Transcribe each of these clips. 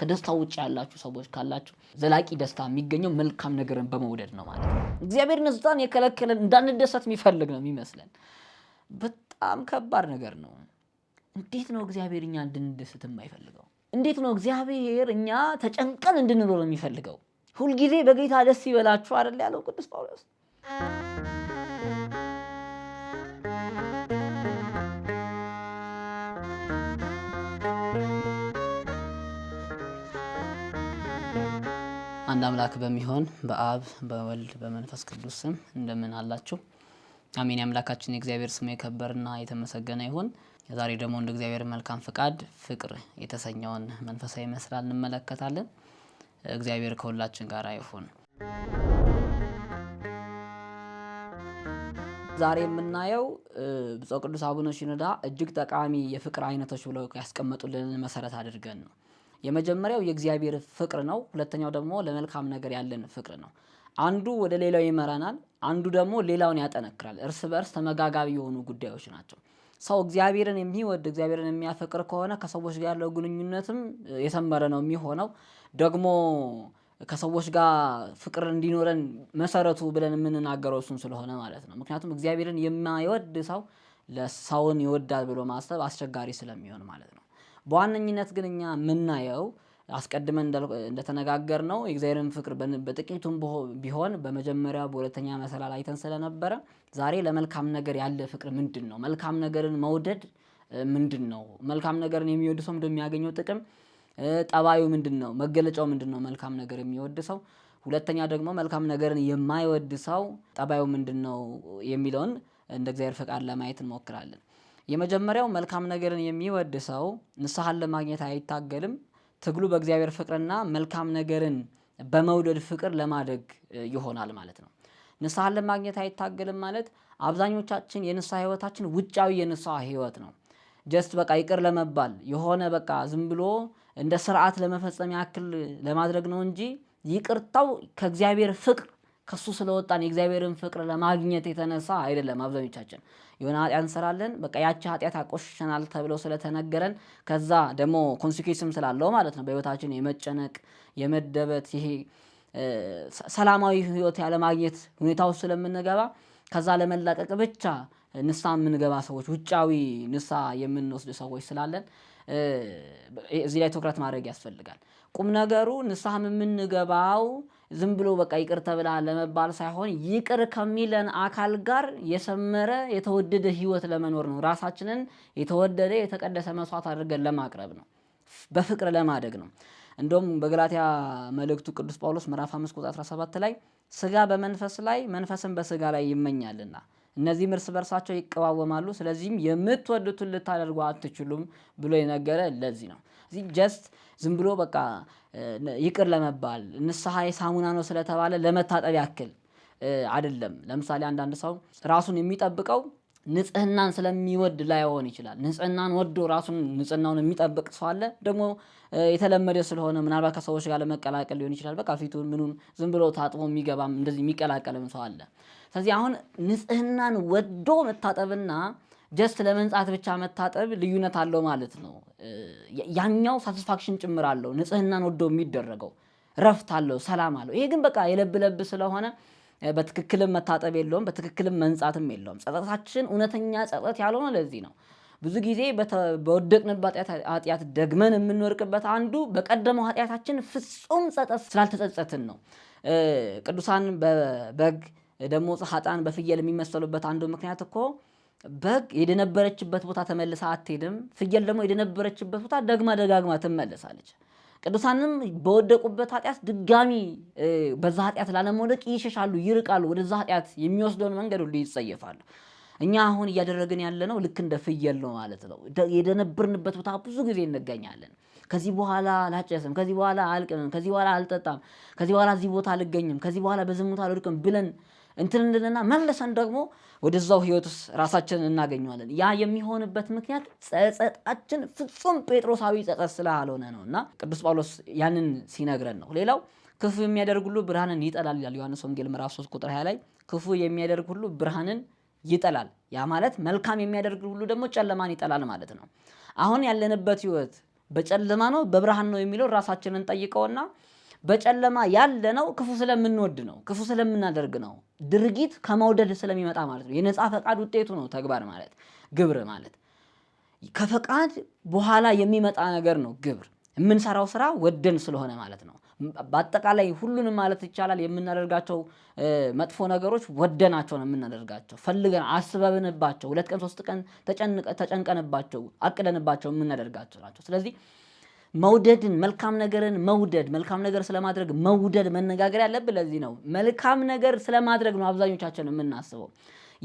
ከደስታ ውጭ ያላችሁ ሰዎች ካላችሁ ዘላቂ ደስታ የሚገኘው መልካም ነገርን በመውደድ ነው ማለት ነው። እግዚአብሔር ስልጣን የከለከለን እንዳንደሰት የሚፈልግ ነው የሚመስለን። በጣም ከባድ ነገር ነው። እንዴት ነው እግዚአብሔር እኛ እንድንደሰት የማይፈልገው? እንዴት ነው እግዚአብሔር እኛ ተጨንቀን እንድንኖር የሚፈልገው? ሁልጊዜ በጌታ ደስ ይበላችሁ አይደል ያለው ቅዱስ ጳውሎስ። አምላክ በሚሆን በአብ በወልድ በመንፈስ ቅዱስ ስም እንደምን አላችሁ? አሜን። የአምላካችን የእግዚአብሔር ስሙ የከበርና የተመሰገነ ይሁን። ዛሬ ደግሞ እንደ እግዚአብሔር መልካም ፍቃድ ፍቅር የተሰኘውን መንፈሳዊ መስላ እንመለከታለን። እግዚአብሔር ከሁላችን ጋር ይሁን። ዛሬ የምናየው ብፁዕ ቅዱስ አቡነ ሺኖዳ እጅግ ጠቃሚ የፍቅር አይነቶች ብለው ያስቀመጡልን መሰረት አድርገን ነው የመጀመሪያው የእግዚአብሔር ፍቅር ነው። ሁለተኛው ደግሞ ለመልካም ነገር ያለን ፍቅር ነው። አንዱ ወደ ሌላው ይመራናል፣ አንዱ ደግሞ ሌላውን ያጠነክራል። እርስ በእርስ ተመጋጋቢ የሆኑ ጉዳዮች ናቸው። ሰው እግዚአብሔርን የሚወድ እግዚአብሔርን የሚያፈቅር ከሆነ ከሰዎች ጋር ያለው ግንኙነትም የሰመረ ነው የሚሆነው። ደግሞ ከሰዎች ጋር ፍቅር እንዲኖረን መሰረቱ ብለን የምንናገረው እሱን ስለሆነ ማለት ነው። ምክንያቱም እግዚአብሔርን የማይወድ ሰው ለሰውን ይወዳል ብሎ ማሰብ አስቸጋሪ ስለሚሆን ማለት ነው። በዋነኝነት ግን እኛ የምናየው አስቀድመን እንደተነጋገር ነው የእግዚአብሔርን ፍቅር በጥቂቱም ቢሆን በመጀመሪያ በሁለተኛ መሰላል አይተን ስለነበረ ዛሬ ለመልካም ነገር ያለ ፍቅር ምንድን ነው? መልካም ነገርን መውደድ ምንድን ነው? መልካም ነገርን የሚወድ ሰው እንደሚያገኘው ጥቅም ጠባዩ ምንድን ነው? መገለጫው ምንድን ነው? መልካም ነገር የሚወድ ሰው ሁለተኛ ደግሞ መልካም ነገርን የማይወድ ሰው ጠባዩ ምንድን ነው የሚለውን እንደ እግዚአብሔር ፈቃድ ለማየት እንሞክራለን። የመጀመሪያው መልካም ነገርን የሚወድ ሰው ንስሐን ለማግኘት አይታገልም። ትግሉ በእግዚአብሔር ፍቅርና መልካም ነገርን በመውደድ ፍቅር ለማደግ ይሆናል ማለት ነው። ንስሐን ለማግኘት አይታገልም ማለት አብዛኞቻችን የንስሐ ህይወታችን ውጫዊ የንስሐ ህይወት ነው። ጀስት በቃ ይቅር ለመባል የሆነ በቃ ዝም ብሎ እንደ ስርዓት ለመፈጸም ያክል ለማድረግ ነው እንጂ ይቅርታው ከእግዚአብሔር ፍቅር ከሱ ስለወጣን የእግዚአብሔርን ፍቅር ለማግኘት የተነሳ አይደለም። አብዛኞቻችን የሆነ ኃጢአት እንሰራለን፣ በቃ ያቺ ኃጢአት አቆሽሸናል ተብለው ስለተነገረን ከዛ ደግሞ ኮንሲኩዌንስም ስላለው ማለት ነው በህይወታችን የመጨነቅ የመደበት ይሄ ሰላማዊ ህይወት ያለማግኘት ሁኔታ ውስጥ ስለምንገባ ከዛ ለመላቀቅ ብቻ ንሳ የምንገባ ሰዎች ውጫዊ ንሳ የምንወስድ ሰዎች ስላለን እዚህ ላይ ትኩረት ማድረግ ያስፈልጋል። ቁም ነገሩ ንስሐም የምንገባው ዝም ብሎ በቃ ይቅር ተብላ ለመባል ሳይሆን ይቅር ከሚለን አካል ጋር የሰመረ የተወደደ ህይወት ለመኖር ነው። ራሳችንን የተወደደ የተቀደሰ መስዋዕት አድርገን ለማቅረብ ነው። በፍቅር ለማደግ ነው። እንደውም በገላትያ መልእክቱ ቅዱስ ጳውሎስ ምዕራፍ 5 ቁጥር 17 ላይ ስጋ በመንፈስ ላይ መንፈስን በስጋ ላይ ይመኛልና እነዚህም እርስ በርሳቸው ይቀዋወማሉ። ስለዚህም የምትወዱትን ልታደርጉ አትችሉም ብሎ የነገረ ለዚህ ነው። እዚህ ጀስት ዝም ብሎ በቃ ይቅር ለመባል ንስሐ የሳሙና ነው ስለተባለ ለመታጠብ ያክል አይደለም። ለምሳሌ አንዳንድ ሰው ራሱን የሚጠብቀው ንጽህናን ስለሚወድ ላይሆን ይችላል። ንጽህናን ወዶ ራሱን ንጽህናውን የሚጠብቅ ሰው አለ። ደግሞ የተለመደ ስለሆነ ምናልባት ከሰዎች ጋር ለመቀላቀል ሊሆን ይችላል። በቃ ፊቱን ምኑን ዝም ብሎ ታጥቦ የሚገባም እንደዚህ የሚቀላቀልም ሰው አለ። ስለዚህ አሁን ንጽህናን ወዶ መታጠብና ጀስት ለመንጻት ብቻ መታጠብ ልዩነት አለው ማለት ነው። ያኛው ሳቲስፋክሽን ጭምር አለው። ንጽህናን ወዶ የሚደረገው ረፍት አለው፣ ሰላም አለው። ይሄ ግን በቃ የለብ ለብ ስለሆነ በትክክልም መታጠብ የለውም፣ በትክክልም መንጻትም የለውም። ጸጸታችን እውነተኛ ጸጸት ያልሆነ ለዚህ ነው ብዙ ጊዜ በወደቅንበት ኃጢአት ደግመን የምንወርቅበት አንዱ በቀደመው ኃጢአታችን ፍጹም ጸጸት ስላልተጸጸትን ነው። ቅዱሳን በበግ ደግሞ ሀጣን በፍየል የሚመሰሉበት አንዱ ምክንያት እኮ በግ የደነበረችበት ቦታ ተመልሳ አትሄድም። ፍየል ደግሞ የደነበረችበት ቦታ ደግማ ደጋግማ ትመለሳለች። ቅዱሳንም በወደቁበት ኃጢአት ድጋሚ በዛ ኃጢአት ላለመውደቅ ይሸሻሉ፣ ይርቃሉ። ወደዛ ኃጢአት የሚወስደውን መንገድ ሁሉ ይጸየፋሉ። እኛ አሁን እያደረግን ያለ ነው ልክ እንደ ፍየል ነው ማለት ነው። የደነብርንበት ቦታ ብዙ ጊዜ እንገኛለን። ከዚህ በኋላ አላጨስም፣ ከዚህ በኋላ አልቅምም፣ ከዚህ በኋላ አልጠጣም፣ ከዚህ በኋላ እዚህ ቦታ አልገኝም፣ ከዚህ በኋላ በዝሙት አልወድቅም ብለን እንትን እንድንና መለሰን ደግሞ ወደዛው ህይወት ውስጥ ራሳችንን እናገኘዋለን። ያ የሚሆንበት ምክንያት ጸጸጣችን ፍጹም ጴጥሮሳዊ ጸጸት ስላልሆነ ነው እና ቅዱስ ጳውሎስ ያንን ሲነግረን ነው። ሌላው ክፉ የሚያደርግ ሁሉ ብርሃንን ይጠላል ይላል ዮሐንስ ወንጌል ምዕራፍ 3 ቁጥር 20 ላይ ክፉ የሚያደርግ ሁሉ ብርሃንን ይጠላል። ያ ማለት መልካም የሚያደርግ ሁሉ ደግሞ ጨለማን ይጠላል ማለት ነው። አሁን ያለንበት ህይወት በጨለማ ነው በብርሃን ነው የሚለው ራሳችንን ጠይቀውና በጨለማ ያለነው ክፉ ስለምንወድ ነው፣ ክፉ ስለምናደርግ ነው። ድርጊት ከመውደድ ስለሚመጣ ማለት ነው። የነፃ ፈቃድ ውጤቱ ነው ተግባር ማለት ግብር ማለት ከፈቃድ በኋላ የሚመጣ ነገር ነው። ግብር የምንሰራው ስራ ወደን ስለሆነ ማለት ነው። በአጠቃላይ ሁሉንም ማለት ይቻላል የምናደርጋቸው መጥፎ ነገሮች ወደናቸው ነው የምናደርጋቸው፣ ፈልገን አስበብንባቸው፣ ሁለት ቀን ሶስት ቀን ተጨንቀንባቸው፣ አቅደንባቸው የምናደርጋቸው ናቸው። ስለዚህ መውደድን መልካም ነገርን መውደድ መልካም ነገር ስለማድረግ መውደድ መነጋገር ያለብን ለዚህ ነው። መልካም ነገር ስለማድረግ ነው አብዛኞቻችን የምናስበው።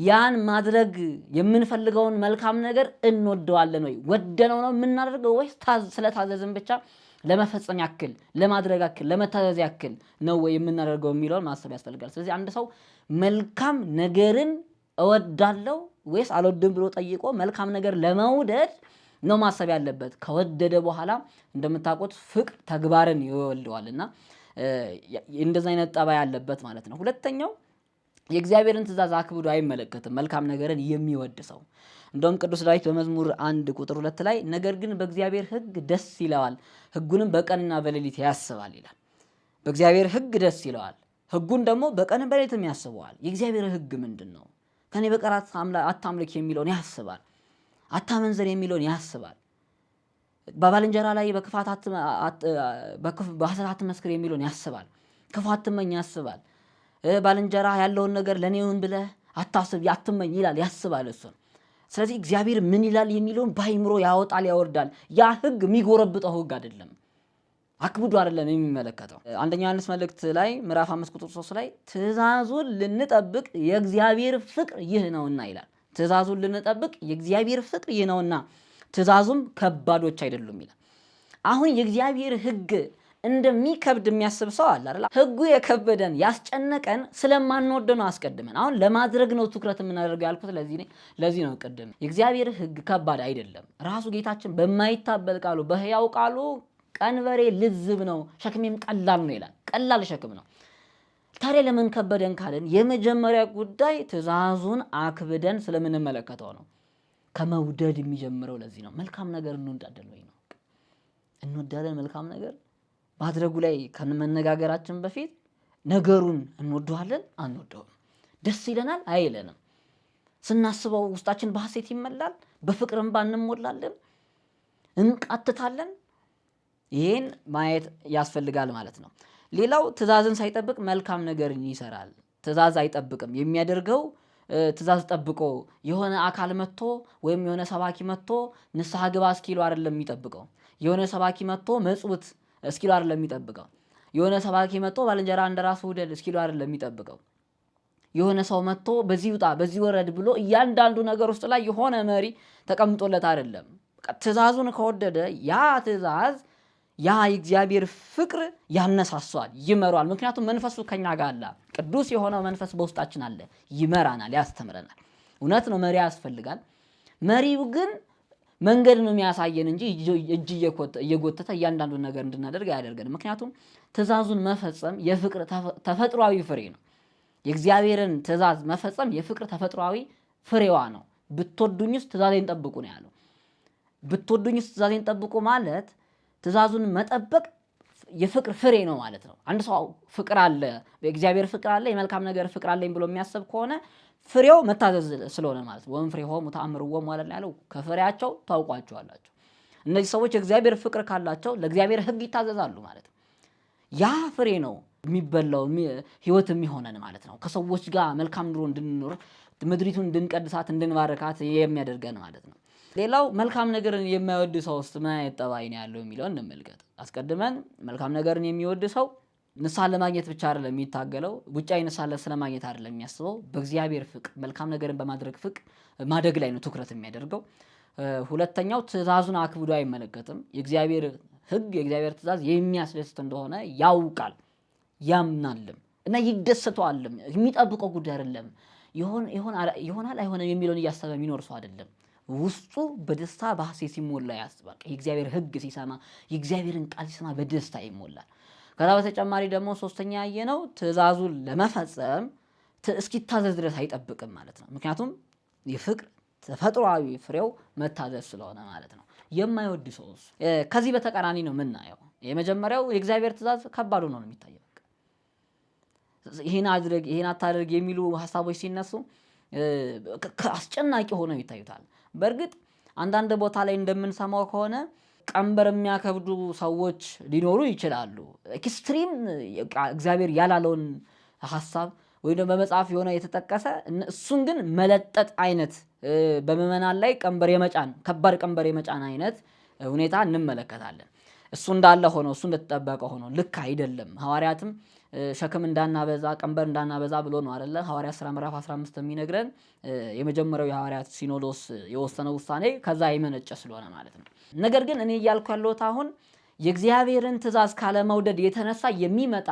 ያን ማድረግ የምንፈልገውን መልካም ነገር እንወደዋለን ወይ? ወደነው ነው የምናደርገው ወይ ስለታዘዝን ብቻ ለመፈጸም ያክል ለማድረግ ያክል ለመታዘዝ ያክል ነው ወይ የምናደርገው የሚለውን ማሰብ ያስፈልጋል። ስለዚህ አንድ ሰው መልካም ነገርን እወዳለው ወይስ አልወድም ብሎ ጠይቆ መልካም ነገር ለመውደድ ነው ማሰብ ያለበት። ከወደደ በኋላ እንደምታውቁት ፍቅር ተግባርን ይወልደዋል እና እንደዚ አይነት ጠባይ ያለበት ማለት ነው። ሁለተኛው የእግዚአብሔርን ትእዛዝ አክብዶ አይመለከትም። መልካም ነገርን የሚወድ ሰው እንደውም ቅዱስ ዳዊት በመዝሙር አንድ ቁጥር ሁለት ላይ ነገር ግን በእግዚአብሔር ሕግ ደስ ይለዋል፣ ሕጉንም በቀንና በሌሊት ያስባል ይላል። በእግዚአብሔር ሕግ ደስ ይለዋል፣ ሕጉን ደግሞ በቀን በሌሊትም ያስበዋል። የእግዚአብሔር ሕግ ምንድን ነው? ከኔ በቀር አታምልክ የሚለውን ያስባል። አታመንዘር የሚለውን ያስባል። በባልንጀራ ላይ በሐሰት አትመስክር የሚለውን ያስባል። ክፉ አትመኝ ያስባል። ባልንጀራ ያለውን ነገር ለእኔ ይሁን ብለህ አታስብ፣ አትመኝ ይላል፣ ያስባል እሱን። ስለዚህ እግዚአብሔር ምን ይላል የሚለውን በአይምሮ ያወጣል፣ ያወርዳል። ያ ህግ የሚጎረብጠው ህግ አይደለም፣ አክብዶ አይደለም የሚመለከተው። አንደኛ ዮሐንስ መልእክት ላይ ምዕራፍ አምስት ቁጥር ሶስት ላይ ትእዛዙን ልንጠብቅ የእግዚአብሔር ፍቅር ይህ ነውና ይላል። ትእዛዙን ልንጠብቅ የእግዚአብሔር ፍቅር ይህ ነውና ትእዛዙም ከባዶች አይደሉም ይላል። አሁን የእግዚአብሔር ሕግ እንደሚከብድ የሚያስብ ሰው አለ አይደል? ሕጉ የከበደን ያስጨነቀን ስለማንወድ ነው። አስቀድመን አሁን ለማድረግ ነው ትኩረት የምናደርገው ያልኩት ለዚህ ለዚህ ነው። ቅድም የእግዚአብሔር ሕግ ከባድ አይደለም። ራሱ ጌታችን በማይታበል ቃሉ በሕያው ቃሉ ቀንበሬ ልዝብ ነው ሸክሜም ቀላል ነው ይላል። ቀላል ሸክም ነው። ታዲያ ለምን ከበደን የመጀመሪያ ጉዳይ ትእዛዙን አክብደን ስለምንመለከተው ነው። ከመውደድ የሚጀምረው ለዚህ ነው። መልካም ነገር እንወዳለን ወይ ነው እንወዳለን። መልካም ነገር ማድረጉ ላይ ከመነጋገራችን በፊት ነገሩን እንወደዋለን አንወደውም፣ ደስ ይለናል አይለንም፣ ስናስበው ውስጣችን በሐሴት ይመላል፣ በፍቅር ባንሞላለን እንቃትታለን። ይህን ማየት ያስፈልጋል ማለት ነው። ሌላው ትእዛዝን ሳይጠብቅ መልካም ነገርን ይሰራል። ትእዛዝ አይጠብቅም የሚያደርገው ትእዛዝ ጠብቆ የሆነ አካል መጥቶ ወይም የሆነ ሰባኪ መጥቶ ንስሐ ግባ እስኪሉ አይደለም የሚጠብቀው። የሆነ ሰባኪ መጥቶ መጽውት እስኪሉ አይደለም የሚጠብቀው። የሆነ ሰባኪ መጥቶ ባልንጀራ እንደ ራሱ ውደድ እስኪሉ አይደለም የሚጠብቀው። የሆነ ሰው መጥቶ በዚህ ውጣ በዚህ ወረድ ብሎ እያንዳንዱ ነገር ውስጥ ላይ የሆነ መሪ ተቀምጦለት አይደለም። ትእዛዙን ከወደደ ያ ትእዛዝ ያ የእግዚአብሔር ፍቅር ያነሳሷል፣ ይመሯል። ምክንያቱም መንፈሱ ከኛ ጋር አለ። ቅዱስ የሆነው መንፈስ በውስጣችን አለ። ይመራናል፣ ያስተምረናል። እውነት ነው፣ መሪ ያስፈልጋል። መሪው ግን መንገድ ነው የሚያሳየን እንጂ እጅ እየጎተተ እያንዳንዱን ነገር እንድናደርግ አያደርገንም። ምክንያቱም ትእዛዙን መፈጸም የፍቅር ተፈጥሯዊ ፍሬ ነው። የእግዚአብሔርን ትእዛዝ መፈጸም የፍቅር ተፈጥሯዊ ፍሬዋ ነው። ብትወዱኝስ ትእዛዜን ጠብቁ ነው ያለው። ብትወዱኝስ ትእዛዜን ጠብቁ ማለት ትእዛዙን መጠበቅ የፍቅር ፍሬ ነው ማለት ነው። አንድ ሰው ፍቅር አለ፣ የእግዚአብሔር ፍቅር አለ፣ የመልካም ነገር ፍቅር አለኝ ብሎ የሚያሰብ ከሆነ ፍሬው መታዘዝ ስለሆነ ማለት ነው። ወእምፍሬሆሙ ተአምርዎሙ አለ ያለው ከፍሬያቸው ታውቋቸዋላቸው። እነዚህ ሰዎች የእግዚአብሔር ፍቅር ካላቸው ለእግዚአብሔር ሕግ ይታዘዛሉ ማለት ነው። ያ ፍሬ ነው የሚበላው ህይወት የሚሆነን ማለት ነው። ከሰዎች ጋር መልካም ኑሮ እንድንኖር ምድሪቱን እንድንቀድሳት እንድንባረካት የሚያደርገን ማለት ነው። ሌላው መልካም ነገርን የማይወድ ሰው ውስጥ ምን አይነት ጠባይ ነው ያለው የሚለውን እንመልከት። አስቀድመን መልካም ነገርን የሚወድ ሰው ንሳ ለማግኘት ብቻ አይደለም የሚታገለው፣ ውጫዊ ንስሐ ስለማግኘት አይደለም የሚያስበው፣ በእግዚአብሔር ፍቅ መልካም ነገርን በማድረግ ፍቅ ማደግ ላይ ነው ትኩረት የሚያደርገው። ሁለተኛው ትእዛዙን አክብዶ አይመለከትም። የእግዚአብሔር ሕግ የእግዚአብሔር ትእዛዝ የሚያስደስት እንደሆነ ያውቃል ያምናልም እና ይደሰተዋልም። የሚጠብቀው ጉዳይ አይደለም። ይሆናል አይሆንም የሚለውን እያሰበ የሚኖር ሰው አይደለም። ውስጡ በደስታ በሐሴት ሲሞላ ያስባል። የእግዚአብሔር ሕግ ሲሰማ የእግዚአብሔርን ቃል ሲሰማ በደስታ ይሞላል። ከዛ በተጨማሪ ደግሞ ሶስተኛ ያየ ነው ትእዛዙን ለመፈጸም እስኪታዘዝ ድረስ አይጠብቅም ማለት ነው። ምክንያቱም የፍቅር ተፈጥሯዊ ፍሬው መታዘዝ ስለሆነ ማለት ነው። የማይወድ ሰው ከዚህ በተቃራኒ ነው የምናየው። የመጀመሪያው የእግዚአብሔር ትእዛዝ ከባዱ ነው የሚታየው። ይህን አድርግ፣ ይህን አታድርግ የሚሉ ሀሳቦች ሲነሱ አስጨናቂ ሆነው ይታዩታል። በእርግጥ አንዳንድ ቦታ ላይ እንደምንሰማው ከሆነ ቀንበር የሚያከብዱ ሰዎች ሊኖሩ ይችላሉ። ኤክስትሪም እግዚአብሔር ያላለውን ሀሳብ ወይም ደግሞ በመጽሐፍ የሆነ የተጠቀሰ እሱን ግን መለጠጥ አይነት በምዕመናን ላይ ቀንበር የመጫን ከባድ ቀንበር የመጫን አይነት ሁኔታ እንመለከታለን። እሱ እንዳለ ሆኖ እሱ እንደተጠበቀ ሆኖ ልክ አይደለም። ሐዋርያትም ሸክም እንዳናበዛ ቀንበር እንዳናበዛ ብሎ ነው አይደለ? ሐዋርያት ሥራ ምዕራፍ 15 የሚነግረን የመጀመሪያው የሐዋርያት ሲኖዶስ የወሰነው ውሳኔ ከዛ የመነጨ ስለሆነ ማለት ነው። ነገር ግን እኔ እያልኩ ያለሁት አሁን የእግዚአብሔርን ትእዛዝ ካለመውደድ የተነሳ የሚመጣ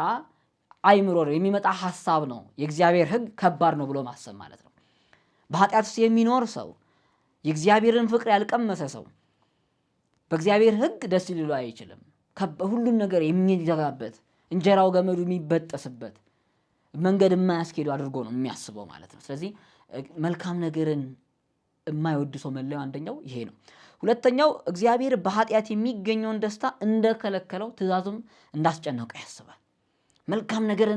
አይምሮ የሚመጣ ሀሳብ ነው። የእግዚአብሔር ሕግ ከባድ ነው ብሎ ማሰብ ማለት ነው። በኃጢአት ውስጥ የሚኖር ሰው የእግዚአብሔርን ፍቅር ያልቀመሰ ሰው በእግዚአብሔር ሕግ ደስ ሊሉ አይችልም። ሁሉን ነገር የሚዘጋበት እንጀራው ገመዱ የሚበጠስበት መንገድ የማያስኬዱ አድርጎ ነው የሚያስበው ማለት ነው። ስለዚህ መልካም ነገርን የማይወድ ሰው መለያው አንደኛው ይሄ ነው። ሁለተኛው እግዚአብሔር በኃጢአት የሚገኘውን ደስታ እንደከለከለው ትእዛዙም እንዳስጨነቀው ያስባል። መልካም ነገር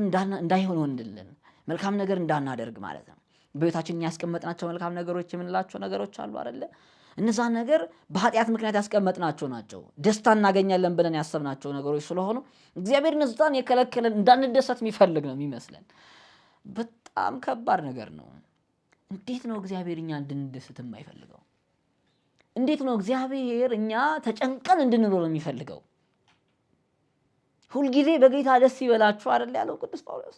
እንዳይሆን ወንድልን መልካም ነገር እንዳናደርግ ማለት ነው። በቤታችን ያስቀመጥናቸው መልካም ነገሮች የምንላቸው ነገሮች አሉ አይደለ? እነዛን ነገር በኃጢአት ምክንያት ያስቀመጥናቸው ናቸው። ደስታ እናገኛለን ብለን ያሰብናቸው ነገሮች ስለሆኑ እግዚአብሔር እነዛን የከለከለን እንዳንደሰት የሚፈልግ ነው የሚመስለን። በጣም ከባድ ነገር ነው። እንዴት ነው እግዚአብሔር እኛ እንድንደሰት የማይፈልገው? እንዴት ነው እግዚአብሔር እኛ ተጨንቀን እንድንኖር የሚፈልገው? ሁልጊዜ በጌታ ደስ ይበላችሁ አይደል ያለው ቅዱስ ጳውሎስ።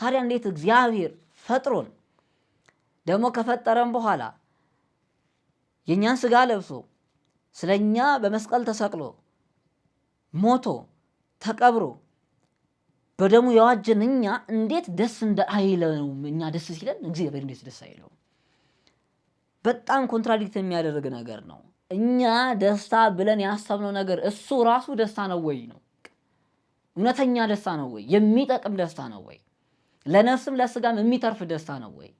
ታዲያ እንዴት እግዚአብሔር ፈጥሮን ደግሞ ከፈጠረን በኋላ የእኛን ስጋ ለብሶ ስለ እኛ በመስቀል ተሰቅሎ ሞቶ ተቀብሮ በደሙ የዋጀን እኛ እንዴት ደስ እንደ አይለውም? እኛ ደስ ሲለን እግዚአብሔር እንዴት ደስ አይለውም? በጣም ኮንትራዲክት የሚያደርግ ነገር ነው። እኛ ደስታ ብለን ያሰብነው ነገር እሱ ራሱ ደስታ ነው ወይ ነው? እውነተኛ ደስታ ነው ወይ? የሚጠቅም ደስታ ነው ወይ? ለነፍስም ለስጋም የሚተርፍ ደስታ ነው ወይ?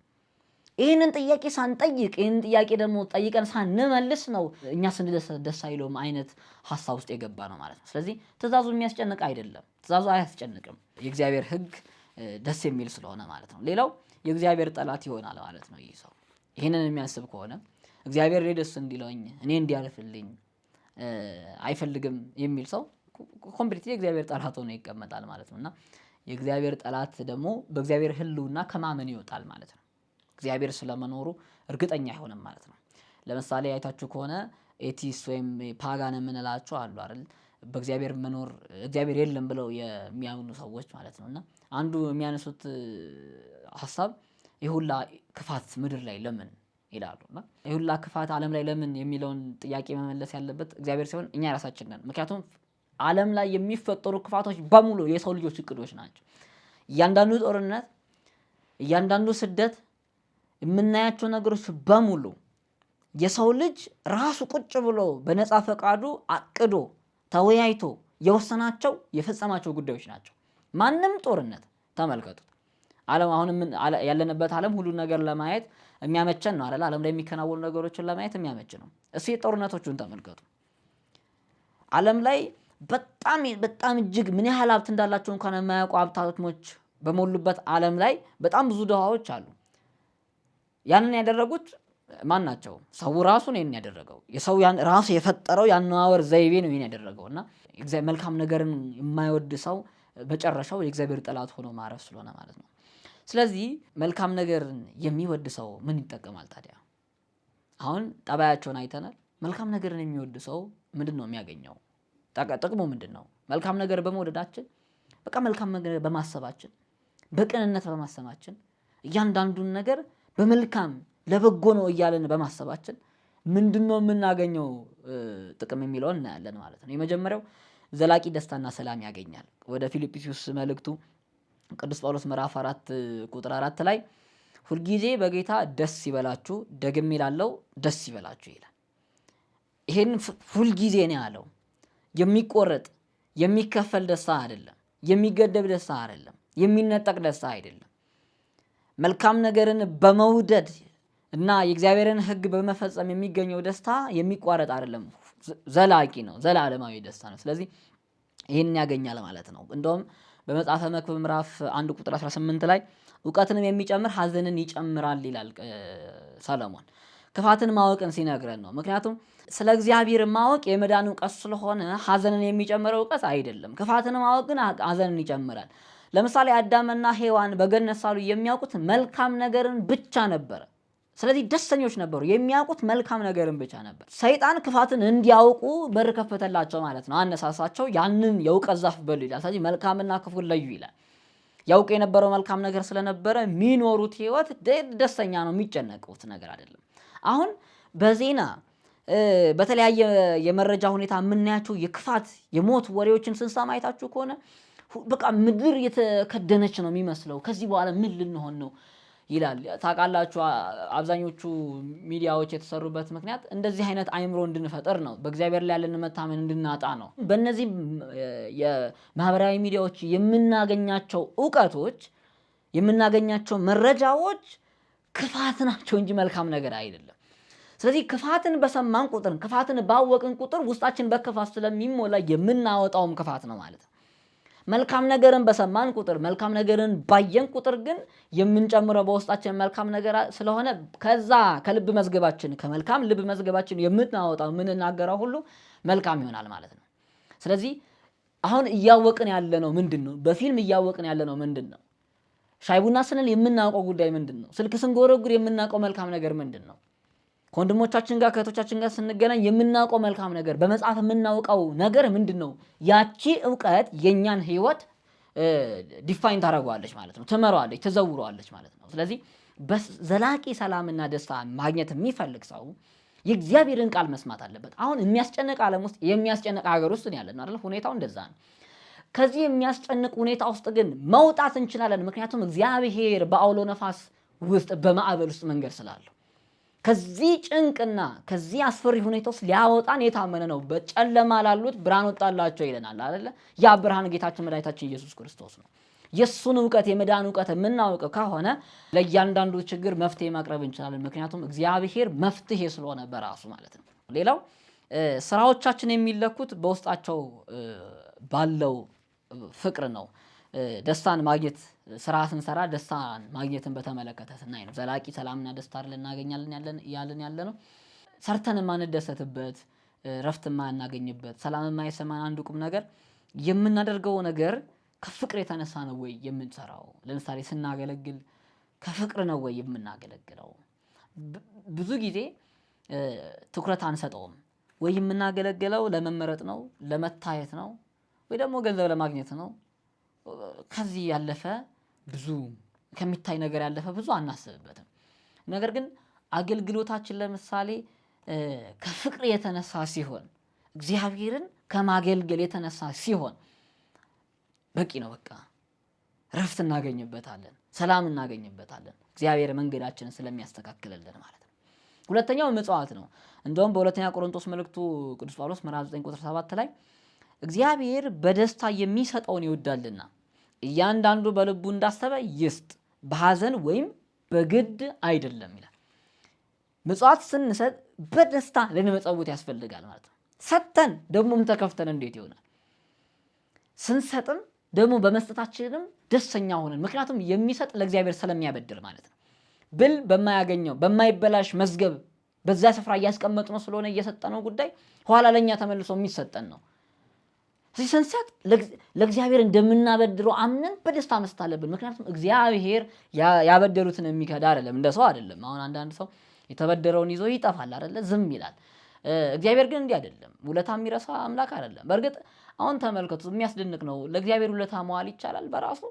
ይህንን ጥያቄ ሳንጠይቅ ይህንን ጥያቄ ደግሞ ጠይቀን ሳንመልስ ነው እኛ ስንደሰት ደስ አይለውም አይነት ሀሳብ ውስጥ የገባ ነው ማለት ነው። ስለዚህ ትእዛዙ የሚያስጨንቅ አይደለም። ትእዛዙ አያስጨንቅም። የእግዚአብሔር ሕግ ደስ የሚል ስለሆነ ማለት ነው። ሌላው የእግዚአብሔር ጠላት ይሆናል ማለት ነው። ይህ ሰው ይህንን የሚያስብ ከሆነ እግዚአብሔር ደስ እንዲለኝ እኔ እንዲያልፍልኝ አይፈልግም የሚል ሰው ኮምፕሊት የእግዚአብሔር ጠላት ሆኖ ይቀመጣል ማለት ነው እና የእግዚአብሔር ጠላት ደግሞ በእግዚአብሔር ሕልውና ከማመን ይወጣል ማለት ነው። እግዚአብሔር ስለመኖሩ እርግጠኛ አይሆንም ማለት ነው። ለምሳሌ አይታችሁ ከሆነ ኤቲስ ወይም ፓጋን የምንላቸው አሉ አይደል? በእግዚአብሔር መኖር እግዚአብሔር የለም ብለው የሚያምኑ ሰዎች ማለት ነው። እና አንዱ የሚያነሱት ሀሳብ የሁላ ክፋት ምድር ላይ ለምን ይላሉ። እና የሁላ ክፋት ዓለም ላይ ለምን የሚለውን ጥያቄ መመለስ ያለበት እግዚአብሔር ሲሆን እኛ የራሳችን ነን። ምክንያቱም ዓለም ላይ የሚፈጠሩ ክፋቶች በሙሉ የሰው ልጆች እቅዶች ናቸው። እያንዳንዱ ጦርነት፣ እያንዳንዱ ስደት የምናያቸው ነገሮች በሙሉ የሰው ልጅ ራሱ ቁጭ ብሎ በነፃ ፈቃዱ አቅዶ ተወያይቶ የወሰናቸው የፈጸማቸው ጉዳዮች ናቸው። ማንም ጦርነት ተመልከቱት። ዓለም አሁን ያለንበት ዓለም ሁሉን ነገር ለማየት የሚያመቸን ነው አለ። ዓለም ላይ የሚከናወኑ ነገሮችን ለማየት የሚያመች ነው። እሱ የጦርነቶቹን ተመልከቱ። ዓለም ላይ በጣም በጣም እጅግ ምን ያህል ሀብት እንዳላቸው እንኳን የማያውቁ ሀብታሞች በሞሉበት ዓለም ላይ በጣም ብዙ ድሃዎች አሉ። ያንን ያደረጉት ማን ናቸው? ሰው ራሱ ነው ይሄን ያደረገው። የሰው ራሱ የፈጠረው የአነዋወር ዘይቤ ነው ይሄን ያደረገው እና መልካም ነገርን የማይወድ ሰው መጨረሻው የእግዚአብሔር ጠላት ሆኖ ማረፍ ስለሆነ ማለት ነው። ስለዚህ መልካም ነገርን የሚወድ ሰው ምን ይጠቀማል ታዲያ? አሁን ጠባያቸውን አይተናል። መልካም ነገርን የሚወድ ሰው ምንድን ነው የሚያገኘው? ጥቅሙ ምንድን ነው? መልካም ነገር በመውደዳችን፣ በቃ መልካም ነገር በማሰባችን፣ በቅንነት በማሰባችን እያንዳንዱን ነገር በመልካም ለበጎ ነው እያለን በማሰባችን ምንድን ነው የምናገኘው ጥቅም የሚለውን እናያለን ማለት ነው። የመጀመሪያው ዘላቂ ደስታና ሰላም ያገኛል። ወደ ፊልጵስዩስ መልእክቱ ቅዱስ ጳውሎስ ምዕራፍ አራት ቁጥር አራት ላይ ሁልጊዜ በጌታ ደስ ይበላችሁ፣ ደግም ይላለው ደስ ይበላችሁ ይላል። ይህን ሁልጊዜ ነው ያለው። የሚቆረጥ የሚከፈል ደስታ አይደለም። የሚገደብ ደስታ አይደለም። የሚነጠቅ ደስታ አይደለም። መልካም ነገርን በመውደድ እና የእግዚአብሔርን ሕግ በመፈጸም የሚገኘው ደስታ የሚቋረጥ አይደለም፣ ዘላቂ ነው፣ ዘላለማዊ ደስታ ነው። ስለዚህ ይህን ያገኛል ማለት ነው። እንደውም በመጽሐፈ መክብብ ምዕራፍ አንድ ቁጥር 18 ላይ እውቀትንም የሚጨምር ሐዘንን ይጨምራል ይላል ሰለሞን። ክፋትን ማወቅን ሲነግረን ነው። ምክንያቱም ስለ እግዚአብሔር ማወቅ የመዳን እውቀት ስለሆነ ሐዘንን የሚጨምረው እውቀት አይደለም። ክፋትን ማወቅ ግን ሐዘንን ይጨምራል። ለምሳሌ አዳምና ሔዋን በገነት ሳሉ የሚያውቁት መልካም ነገርን ብቻ ነበር ስለዚህ ደስተኞች ነበሩ። የሚያውቁት መልካም ነገርን ብቻ ነበር። ሰይጣን ክፋትን እንዲያውቁ በር ከፈተላቸው ማለት ነው። አነሳሳቸው። ያንን የእውቀት ዛፍ በሉ ይላል። ስለዚህ መልካምና ክፉን ለዩ ይላል። ያውቅ የነበረው መልካም ነገር ስለነበረ የሚኖሩት ህይወት ደስተኛ ነው፣ የሚጨነቁት ነገር አይደለም። አሁን በዜና በተለያየ የመረጃ ሁኔታ የምናያቸው የክፋት የሞት ወሬዎችን ስንሰማ አይታችሁ ከሆነ በቃ ምድር የተከደነች ነው የሚመስለው። ከዚህ በኋላ ምን ልንሆን ነው ይላል። ታውቃላችሁ፣ አብዛኞቹ ሚዲያዎች የተሰሩበት ምክንያት እንደዚህ አይነት አይምሮ እንድንፈጥር ነው፣ በእግዚአብሔር ላይ ያለን መታመን እንድናጣ ነው። በእነዚህ የማህበራዊ ሚዲያዎች የምናገኛቸው እውቀቶች፣ የምናገኛቸው መረጃዎች ክፋት ናቸው እንጂ መልካም ነገር አይደለም። ስለዚህ ክፋትን በሰማን ቁጥር፣ ክፋትን ባወቅን ቁጥር ውስጣችን በክፋት ስለሚሞላ የምናወጣውም ክፋት ነው ማለት ነው። መልካም ነገርን በሰማን ቁጥር መልካም ነገርን ባየን ቁጥር ግን የምንጨምረው በውስጣችን መልካም ነገር ስለሆነ ከዛ ከልብ መዝገባችን ከመልካም ልብ መዝገባችን የምናወጣው የምንናገረው ሁሉ መልካም ይሆናል ማለት ነው። ስለዚህ አሁን እያወቅን ያለነው ምንድን ነው? በፊልም እያወቅን ያለነው ምንድን ነው? ሻይ ቡና ስንል የምናውቀው ጉዳይ ምንድን ነው? ስልክ ስንጎረጉር የምናውቀው መልካም ነገር ምንድን ነው? ከወንድሞቻችን ጋር ከእህቶቻችን ጋር ስንገናኝ የምናውቀው መልካም ነገር በመጽሐፍ የምናውቀው ነገር ምንድን ነው? ያቺ እውቀት የእኛን ህይወት ዲፋይን ታደርገዋለች ማለት ነው። ትመረዋለች፣ ትዘውረዋለች ማለት ነው። ስለዚህ ዘላቂ ሰላምና ደስታ ማግኘት የሚፈልግ ሰው የእግዚአብሔርን ቃል መስማት አለበት። አሁን የሚያስጨንቅ ዓለም ውስጥ የሚያስጨንቅ ሀገር ውስጥ ያለን አይደል? ሁኔታው እንደዛ ነው። ከዚህ የሚያስጨንቅ ሁኔታ ውስጥ ግን መውጣት እንችላለን። ምክንያቱም እግዚአብሔር በአውሎ ነፋስ ውስጥ በማዕበል ውስጥ መንገድ ስላለው ከዚህ ጭንቅና ከዚህ አስፈሪ ሁኔታ ውስጥ ሊያወጣን የታመነ ነው። በጨለማ ላሉት ብርሃን ወጣላቸው ይለናል አይደለ? ያ ብርሃን ጌታችን መድኃኒታችን ኢየሱስ ክርስቶስ ነው። የእሱን እውቀት የመዳን እውቀት የምናውቀው ከሆነ ለእያንዳንዱ ችግር መፍትሄ ማቅረብ እንችላለን። ምክንያቱም እግዚአብሔር መፍትሄ ስለሆነ በራሱ ማለት ነው። ሌላው ስራዎቻችን የሚለኩት በውስጣቸው ባለው ፍቅር ነው። ደስታን ማግኘት ስራ ስንሰራ ደስታ ማግኘትን በተመለከተ ስናይ ነው። ዘላቂ ሰላምና ደስታ ልናገኛለን ያለን ያለ ነው። ሰርተን የማንደሰትበት ረፍት የማናገኝበት ሰላም የማይሰማን አንዱ ቁም ነገር የምናደርገው ነገር ከፍቅር የተነሳ ነው ወይ የምንሰራው? ለምሳሌ ስናገለግል ከፍቅር ነው ወይ የምናገለግለው? ብዙ ጊዜ ትኩረት አንሰጠውም። ወይ የምናገለግለው ለመመረጥ ነው፣ ለመታየት ነው፣ ወይ ደግሞ ገንዘብ ለማግኘት ነው። ከዚህ ያለፈ ብዙ ከሚታይ ነገር ያለፈ ብዙ አናስብበትም። ነገር ግን አገልግሎታችን ለምሳሌ ከፍቅር የተነሳ ሲሆን እግዚአብሔርን ከማገልገል የተነሳ ሲሆን በቂ ነው። በቃ ረፍት እናገኝበታለን፣ ሰላም እናገኝበታለን። እግዚአብሔር መንገዳችንን ስለሚያስተካክልልን ማለት ነው። ሁለተኛው ምጽዋት ነው። እንደውም በሁለተኛ ቆሮንቶስ መልእክቱ ቅዱስ ጳውሎስ ምዕራፍ 9 ቁጥር 7 ላይ እግዚአብሔር በደስታ የሚሰጠውን ይወዳልና እያንዳንዱ በልቡ እንዳሰበ ይስጥ፣ በሐዘን ወይም በግድ አይደለም ይላል። ምጽዋት ስንሰጥ በደስታ ልንመጸውት ያስፈልጋል ማለት ነው። ሰጥተን ደግሞም ተከፍተን እንዴት ይሆናል? ስንሰጥም ደግሞ በመስጠታችንም ደስተኛ ሆነን፣ ምክንያቱም የሚሰጥ ለእግዚአብሔር ስለሚያበድር ማለት ነው። ብል በማያገኘው በማይበላሽ መዝገብ በዛ ስፍራ እያስቀመጥነው ስለሆነ እየሰጠነው ጉዳይ ኋላ ለእኛ ተመልሶ የሚሰጠን ነው። ሲሰን ሰዓት ለእግዚአብሔር እንደምናበድረው አምነን በደስታ መስጠት አለብን። ምክንያቱም እግዚአብሔር ያበደሩትን የሚከዳ አይደለም፣ እንደ ሰው አይደለም። አሁን አንዳንድ ሰው የተበደረውን ይዞ ይጠፋል አይደለ? ዝም ይላል። እግዚአብሔር ግን እንዲህ አይደለም። ውለታ የሚረሳ አምላክ አይደለም። በእርግጥ አሁን ተመልከቱ፣ የሚያስደንቅ ነው። ለእግዚአብሔር ውለታ መዋል ይቻላል በራሱ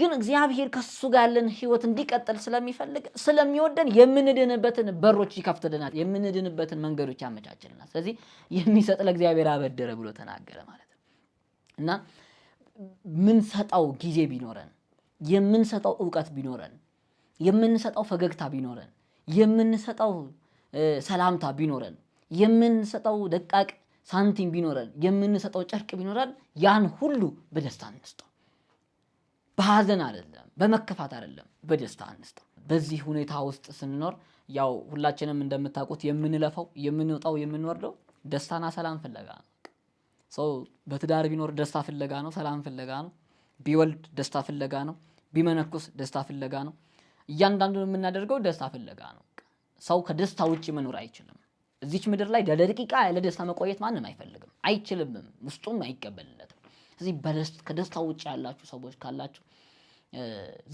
ግን እግዚአብሔር ከሱ ጋር ያለን ህይወት እንዲቀጥል ስለሚፈልግ ስለሚወደን የምንድንበትን በሮች ይከፍትልናል፣ የምንድንበትን መንገዶች ያመቻችልናል። ስለዚህ የሚሰጥ ለእግዚአብሔር አበደረ ብሎ ተናገረ ማለት ነው። እና ምንሰጠው ጊዜ ቢኖረን የምንሰጠው እውቀት ቢኖረን የምንሰጠው ፈገግታ ቢኖረን የምንሰጠው ሰላምታ ቢኖረን የምንሰጠው ደቃቅ ሳንቲም ቢኖረን የምንሰጠው ጨርቅ ቢኖረን ያን ሁሉ በደስታ እንስጠው። በሀዘን አይደለም፣ በመከፋት አይደለም፣ በደስታ እንስጠው። በዚህ ሁኔታ ውስጥ ስንኖር ያው ሁላችንም እንደምታውቁት የምንለፈው የምንወጣው የምንወርደው ደስታና ሰላም ፍለጋ ነው። ሰው በትዳር ቢኖር ደስታ ፍለጋ ነው፣ ሰላም ፍለጋ ነው። ቢወልድ ደስታ ፍለጋ ነው። ቢመነኩስ ደስታ ፍለጋ ነው። እያንዳንዱ የምናደርገው ደስታ ፍለጋ ነው። ሰው ከደስታ ውጭ መኖር አይችልም። እዚች ምድር ላይ ለደቂቃ ያለ ደስታ መቆየት ማንም አይፈልግም፣ አይችልም ውስጡም አይቀበልለትም። ስለዚህ ከደስታ ውጭ ያላችሁ ሰዎች ካላችሁ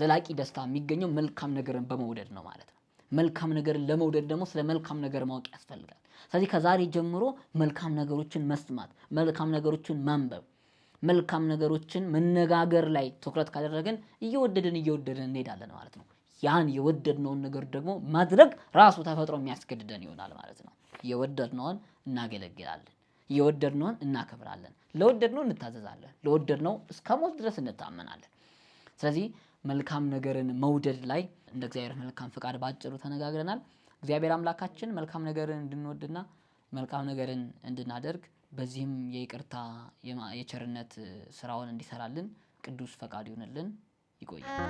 ዘላቂ ደስታ የሚገኘው መልካም ነገርን በመውደድ ነው ማለት ነው። መልካም ነገርን ለመውደድ ደግሞ ስለ መልካም ነገር ማወቅ ያስፈልጋል። ስለዚህ ከዛሬ ጀምሮ መልካም ነገሮችን መስማት፣ መልካም ነገሮችን ማንበብ፣ መልካም ነገሮችን መነጋገር ላይ ትኩረት ካደረግን እየወደድን እየወደድን እንሄዳለን ማለት ነው። ያን የወደድነውን ነገር ደግሞ ማድረግ ራሱ ተፈጥሮ የሚያስገድደን ይሆናል ማለት ነው። የወደድነውን እናገለግላለን፣ የወደድነውን እናከብራለን፣ ለወደድነው እንታዘዛለን፣ ለወደድነው እስከ ሞት ድረስ እንታመናለን። ስለዚህ መልካም ነገርን መውደድ ላይ እንደ እግዚአብሔር መልካም ፈቃድ ባጭሩ ተነጋግረናል። እግዚአብሔር አምላካችን መልካም ነገርን እንድንወድና መልካም ነገርን እንድናደርግ በዚህም የይቅርታ የቸርነት ስራውን እንዲሰራልን ቅዱስ ፈቃድ ይሆንልን። ይቆያል።